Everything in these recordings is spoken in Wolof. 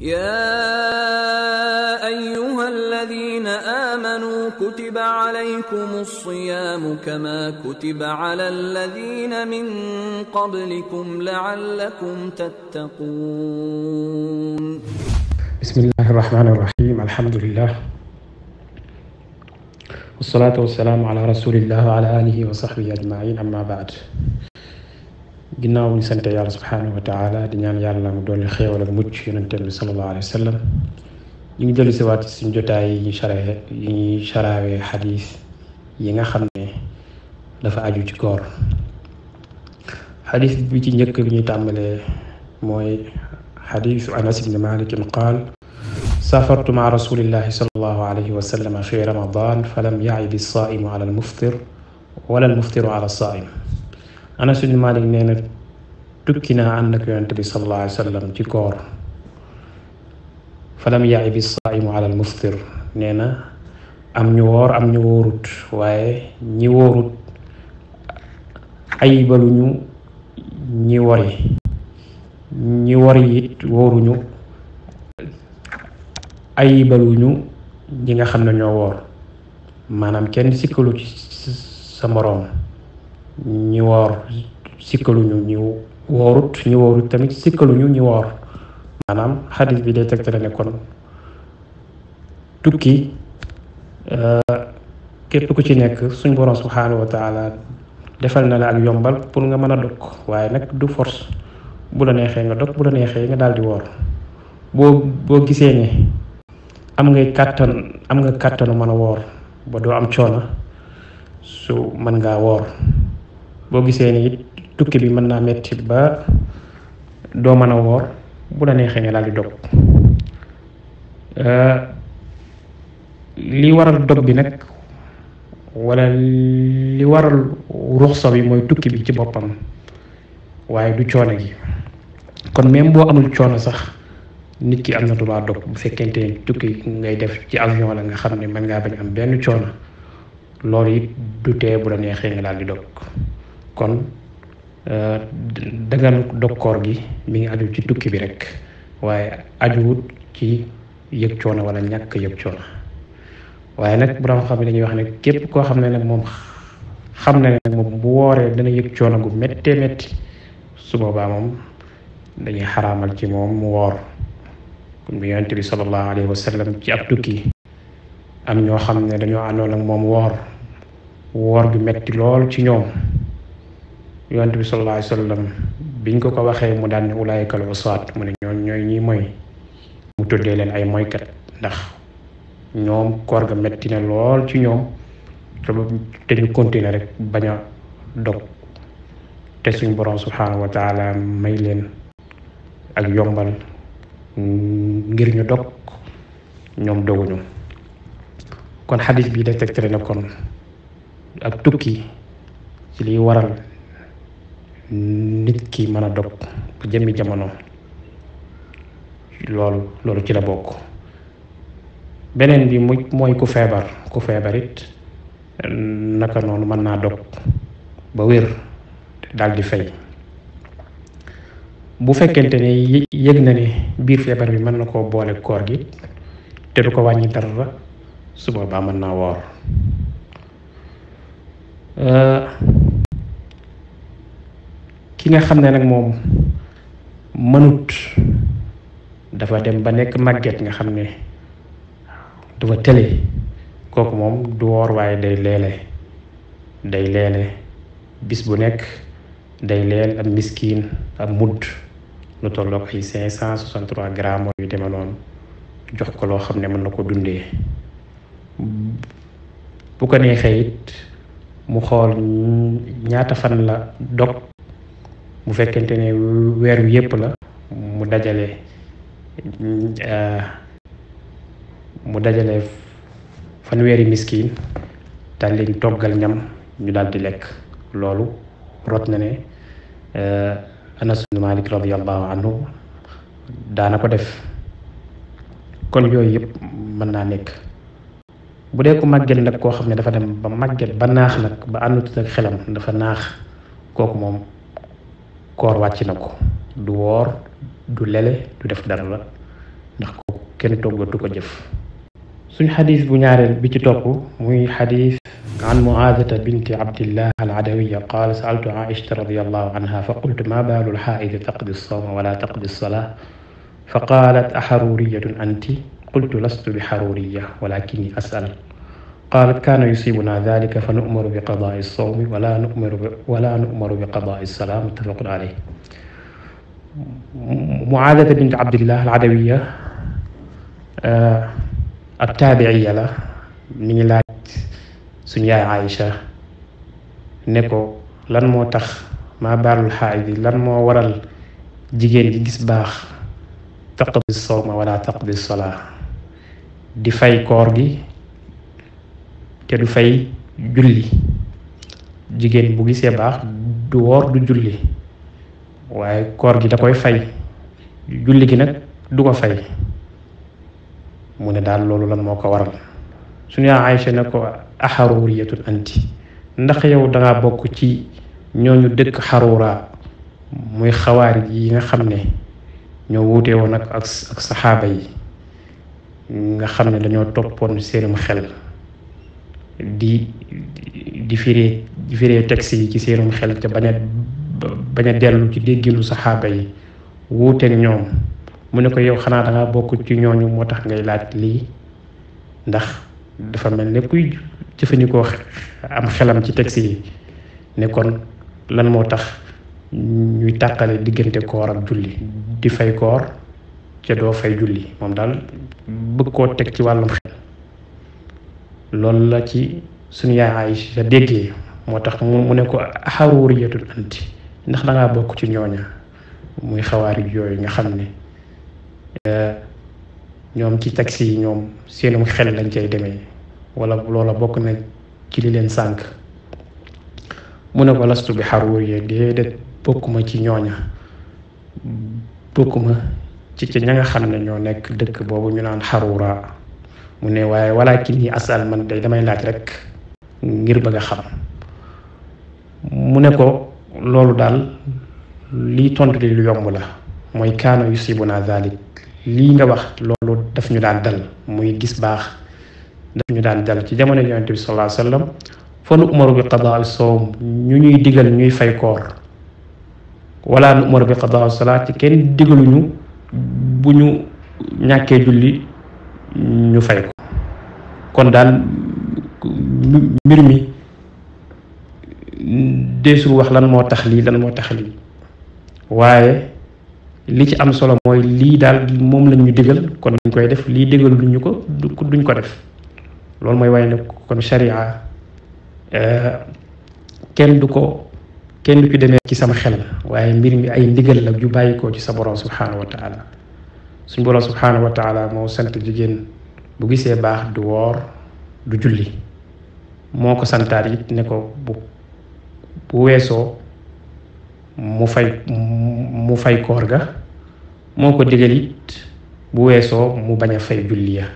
يا ايها الذين امنوا كتب عليكم الصيام كما كتب على الذين من قبلكم لعلكم تتقون بسم الله الرحمن الرحيم الحمد لله والصلاة والسلام على رسول الله وعلى آله وصحبه أجمعين أما بعد ginaaw ñu sante yàlla subhanahu wa taala di ñaan yàlla mu dolli xéewal ak mucc yonente bi sallallahu alayhi wa sallam ñu ngi dellu siwaat ci suñ jotaay yi ñu charee yi ñuy charaawee xadis yi nga xam ne dafa aju ci koor xadis bi ci njëkk bi ñu tàmbalee mooy xadisu anas ibni malikin qaal سافرت مع رسول الله صلى الله عليه وسلم في رمضان فلم يعد الصائم على المفطر ولا ala على الصائم أنا سيدنا مالك نينا tukki naa ànd ak yonent bi sallallahu alayhi wa sallam ci koor falam yaayib saimu nee na am ñu woor am ñu wóorut waaye ñi wóorut ayibaluñu ñi wori ñi wori it wóoruñu ayibaluñu ñi nga xam ne ñoo woor maanaam kenn sikkalu ci sa moroom ñi woor sikkaluñu ñi worut ñi worut tamit ñu ñi wor manam hadith bi day tegtale ne kon tukki képp ku ci nek suñ borom subhanahu wa taala defal na la ak yombal pour nga mëna dok waye nak du force bu la nexé nga dok bu la nexé nga daldi di bo Bo gisé ni am ngay katan am nga kàttanu mëna wor ba do am su man nga wor bo gisé ni tukki bi mën naa metti ba doo mën a woor bu la neexee nga daal di dog euh, li waral dog bi nag wala li waral ruxsa yi mooy tukki bi ci boppam waaye du coono gi kon même boo amul coono sax nit ki am na droit dog bu fekkente tukki ngay def ci avion la nga xam ne man ngaa bañ am benn coono loolu it du tee bu la neexee nga daal di dog kon Euh, dagan dokkoor gi mi ngi aju ci tukki bi rek waaye ajuwut ci yëg coono wala ñàkk yëg coono waaye nag borom xam ne dañuy wax ne képp koo xam ne nag moom xam na ne nag moom bu wooree dana yëg coono gu méttee métti su boobaa moom dañuy xaraamal ci moom mu woor kon bi bi sallallahu alayhi wa sallam ci tukki am ñoo xam ne dañoo àndoon ak moom woor woor gu metti lool ci ñoom yonent bi sallallahu alayhi wa sallam biñ ko ko waxee mu daan ne ulaayikal wasaat mu ne ñooñ ñooy ñi mooy mu tuddee leen ay moykat ndax ñoom koor ga metti na lool ci ñoom te ñu continuer rek bañ a te suñ borom subhaanahu wa taala may leen ak yombal ngir ñu dog ñoom doguñu kon xadis bi day tegtale na kon ab tukki ci liy waral nit ki mën a dog ba jëmmi jamono loolu loolu ci la bokk beneen bi mu mooy ku feebar ku feebarit naka noonu mën naa dog ba wér daldi di bu fekkente ne yëg na ne biir feebar bi mën na koo boole koor gi te du ko wàññi la su boobaa mën naa woor euh, ki nga xam ne nag moom mënut dafa dem ba nekk màgget nga xam ne dafa tele kooku moom du woor waaye day leele day leele bis bu nekk day leel ak miskin ak mudd lu tolloog ay 563 cent grammes yu demee noonu jox ko loo xam ne mën na bu ko neexee it mu xool ñaata fan la dog bu fekkente ne weer yépp la mu dajale euh, mu dajale fanweeri miskin daal leen toggal ñam ñu daal di lekk loolu rot na ne euh, Anas ibn Malik radiyallahu anhu daana ko def kon yooyu yëpp mën naa nekk bu dee ko màgget nag koo xam ne dafa dem ba màgget ba naax nag ba àndutut ak xelam dafa naax kooku moom koor wàcc na ko du woor du lele du def dara la ndax ko kenn toggatu ko jëf suñ xadis bu ñaareel bi ci topp muy xadis عن معاذة بنت عبد الله العدوية قال سألت عائشة رضي الله عنها فقلت ما بال الحائض تقضي الصوم ولا تقضي الصلاة فقالت أحرورية أنت قلت لست بحرورية ولكني أسأل قالت كان يصيبنا ذلك فنؤمر بقضاء الصوم ولا نؤمر ولا نؤمر بقضاء السلام متفق عليه معاذة بنت عبد الله العدوية آه، التابعية له من لا سنيا عائشة نكو لن مو ما بال الحائض لن مو ورل جيجين جيس باخ تقضي الصوم ولا تقضي الصلاة دفاي فاي كورجي te du fay julli jigéen bu gisee baax du woor du julli waaye koor gi da koy fay julli gi nag du ko fay mu ne daal loolu lan moo ko waral suñu Aïcha ne ko axaruuriyatun anti ndax yow dangaa bokk ci ñooñu dëkk xaruura muy xawaarij yi nga xam ne ñoo wuute woon ak ak saxaaba yi nga xam ne dañoo toppoon seenum xel di di fiire di firee texte yi ci seenum xel ca bañ a bañ dellu ci dégginu saxaaba yi wuuteeg ñoom mu ne ko yow xanaa danga bokk ci ñooñu moo tax ngay laaj lii ndax dafa mel ne kuy jëfandikoo am xelam ci texte yi ne kon lan moo tax ñuy tàqale diggante koor ak julli di fay koor ca doo fay julli moom daal bëgg koo teg ci wàllum xel loolu la ci suñu yaay Aïcha déggee moo tax mu ne ko xaruuriyatul anti ndax da bokk ci ñooña muy xawaari yooyu nga xam ne eh, ñoom ci taxi yi ñoom seenum xel lañ cay demee wala loola bokk na ci li leen sànk mu ne ko lastu bi xaruuriya déedéet bokkuma ci ñooña bokkuma ci ci ña nga xam ne ñoo nekk dëkk boobu ñu naan xaruuraa mu ne waaye walaakin yi asal man day damay laaj rek ngir bëgg a xam mu ne ko loolu daal lii tontu li lu yomb la mooy kaana yusibuna zalik lii nga wax loolu daf ñu daan dal muy gis baax daf ñu daan dal ci jamono yonente bi sallallahu alayhi wasallam fa nu umaru bi qadaa sawm ñu ñuy digal ñuy fay koor wala nu umaru bi qadaa salaat ci kenn digaluñu bu ñu ñàkkee julli ñu fay ko kon daal mbir mi deesul wax lan moo tax lii lan moo tax lii waaye li ci am solo mooy lii daal moom lañ ñu digal kon dañ koy def lii digal duñu ko duñ ko def loolu mooy waaye ne kon sharia euh, kenn du ko kenn du ci demee ci sama xel la waaye mbir mi ay ndigal la ju bàyyi koo ci sa borom subhanahu wa suñ borom subhanahu wa taala mo sant jigen bu gisé bax du wor du julli moko santar yit ne ko bu bu weso mu fay mu fay koor ga moko digel yit bu weso mu baña fay julli ya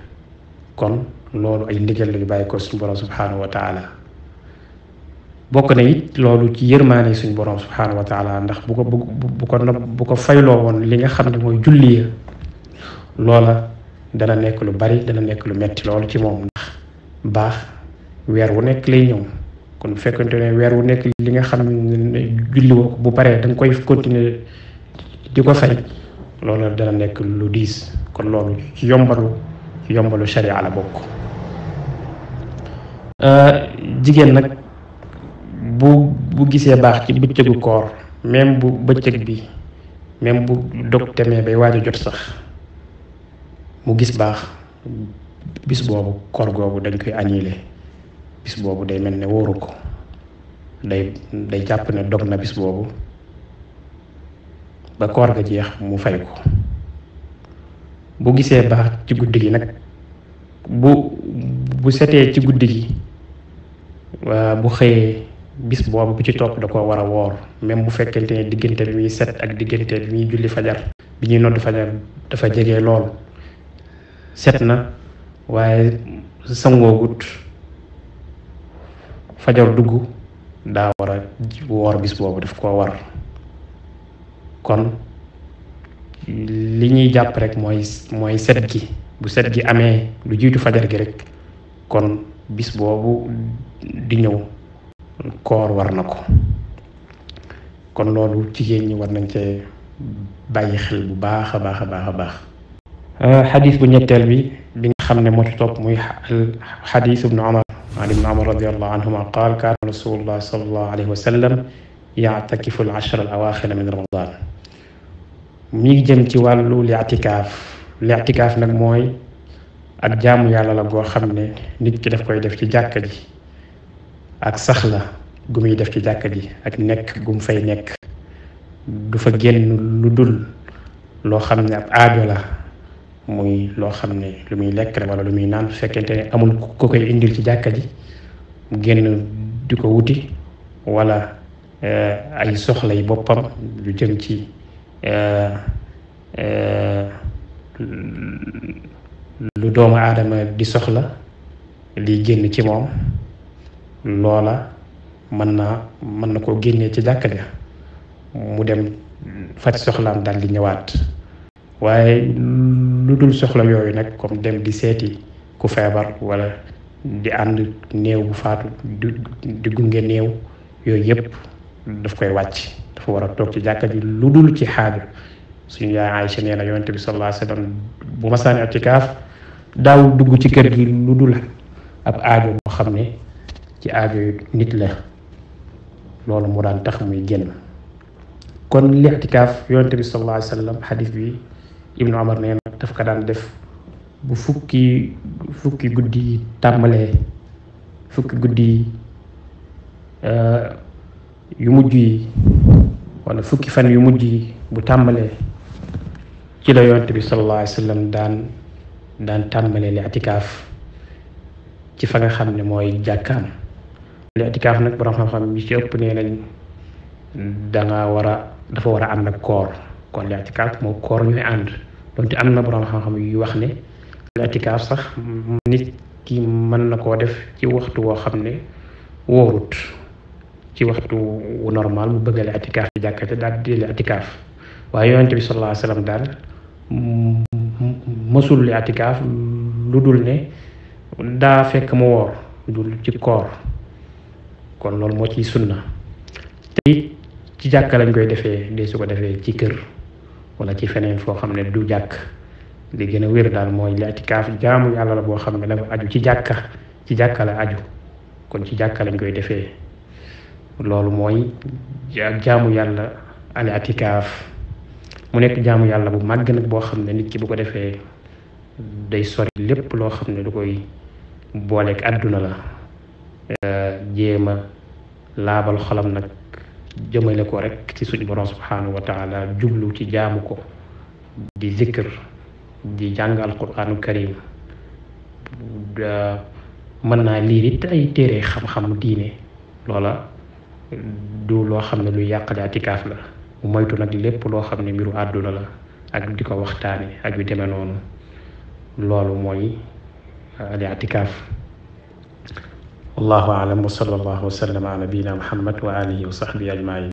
kon lolu ay ndigal lay bàyyi ko suñ borom subhanahu wa taala bokk na it loolu ci yërmaane suñ borom subhanahu wa taala ndax bu ko bu ko bu ko fayloo woon li nga xam ne mooy julli ya loola dana nekk lu bari dana nekk lu metti loolu ci moom ndax baax weer wu nekk lay ñëw kon fekkante ne weer wu nekk li nga xam ne julli ko bu paree da koy continuer di ko fay loolu dana nekk lu diis kon loolu ci yombalu ci yombalu sharia la bokk euh, jigéen nag bu bu gisee baax ci bëccëgu koor même bu bëccëg bi même bu dog temee bay waaj jot sax mu gis baax bis boobu kor googu dañ koy annulé bis boobu day mel ne ko day day jàpp ne dog na bis boobu ba koor ga jeex mu fay ko bu gisee baax ci guddi gi bu bu setee ci guddi gi waa bu xëyee bis boobu bu ci topp da ko war a woor même bu fekkente ne diggante bi muy set ak diggante bi muy julli fajar bi ñuy nodd fajar dafa jege lool set na waaye sangoogut fajar dugg daa war a woor bis boobu daf koo war kon li ñuy jàpp rek mooy mooy set gi bu set gi amee lu jiitu fajar gi rek kon bis boobu di ñëw koor war na ko kon loolu jigéen ñi war nañ cee bàyyi xel bu baax a baax a baax a baax حديث بن يتلبي بن خمنا مرتب حديث بن عمر عن ابن عمر رضي الله عنهما قال كان رسول الله صلى الله عليه وسلم يعتكف العشر الأواخر من رمضان ميك جم تي والو الاعتكاف الاعتكاف نك على اك جامو يالا لا غو خامني نيت كي داف كوي داف تي دي اك سخلا غومي داف تي جاكا دي اك نيك غوم فاي نيك دو فا لو خامني اب ادو muy loo xam ne lu muy lekk la lu muy naan fekkente ne amul ku koy indil ci jàkka ji mu génn di ko wuti wala eh, ay soxlay boppam lu jëm ci eh, eh, lu doomu aadama di soxla liy génn ci moom loola mën naa mën na koo génnee ci jàkka ja mu dem faj soxlaam daal di ñëwaat waaye lu dul soxla yooyu nag comme dem di seeti ku feebar wala di ànd néew bu faatu di di gunge néew yooyu yëpp daf koy wàcc dafa war a toog ci jàkka ji lu dul ci xaaju suñu yaay Aïcha nee na yonent bi sallallahu alayhi wa bu ma sànni ak ci kaaf daaw dugg ci kër gi lu dul ab aajo boo xam ne ci aajo nit la loolu mu daan tax muy génn kon li itikaaf yonent bi sallallahu alayhi wa sallam bi ibnu Omar nee daf ka daan def bu fukki fukki guddi yi tàmbalee fukki guddi yi euh, yu mujj yi wala fukki fan yu mujj yi bu tàmbalee ci la yonent bi sallallahu alayhi daan daan tàmbalee li atikaaf ci fa nga xam ne mooy jàkkaam li atikaaf nag borom xam-xam yi ci ëpp nee danga war a dafa war a ànd ak koor kon li atikaaf moo koor ñooy ànd donte am na borom xam-xam yu wax ne itikaaf sax nit ki mën na koo def ci waxtu woo xam ne ci waxtu normal mu bëggale itikaaf ci jàkkate daal di waaye yonente bi sallallahu Alaihi wasallam daal mësul li itikaaf lu dul ne daa fekk mu woor dul ci koor kon loolu moo ciy sunna te ci jàkka lañ koy defee dee su ci kër wala ci feneen foo xam ne du jàkk li gën a wér daal mooy i'tikaaf jaamu yàlla la boo xam ne dafa aju ci jàkka ci jàkka la aju kon ci jàkka lañ koy defee loolu mooy ak jaamu yàlla al i'tikaaf mu nekk jaamu yàlla bu màgg nag boo xam ne nit ki bu ko defee day sori lépp loo xam ne du koy booleeg àdduna la jéema laabal xolam nag jëmale ko rekk ci suñu borom subhanahu wa jublu ci jaamu ko di zikr di jàng alquranu karim euh, mën naa liir it ay téere xam-xam diine loola du loo xam ne luy yàq itikaaf la moytu nag lépp loo xam ne mbiru àdduna la ak di ko waxtaane ak yu demee noonu loolu mooy itikaaf euh, الله أعلم وصلى الله وسلم على نبينا محمد وآله وصحبه أجمعين